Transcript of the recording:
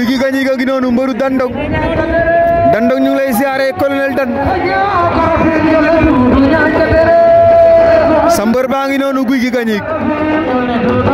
Gouy Gui Gagniga gi noonu mbëru Dandong Dandong ñu ngi lay siyaare colonel Dan sa mbër baa ngi noonu Gouy Gui Gagniga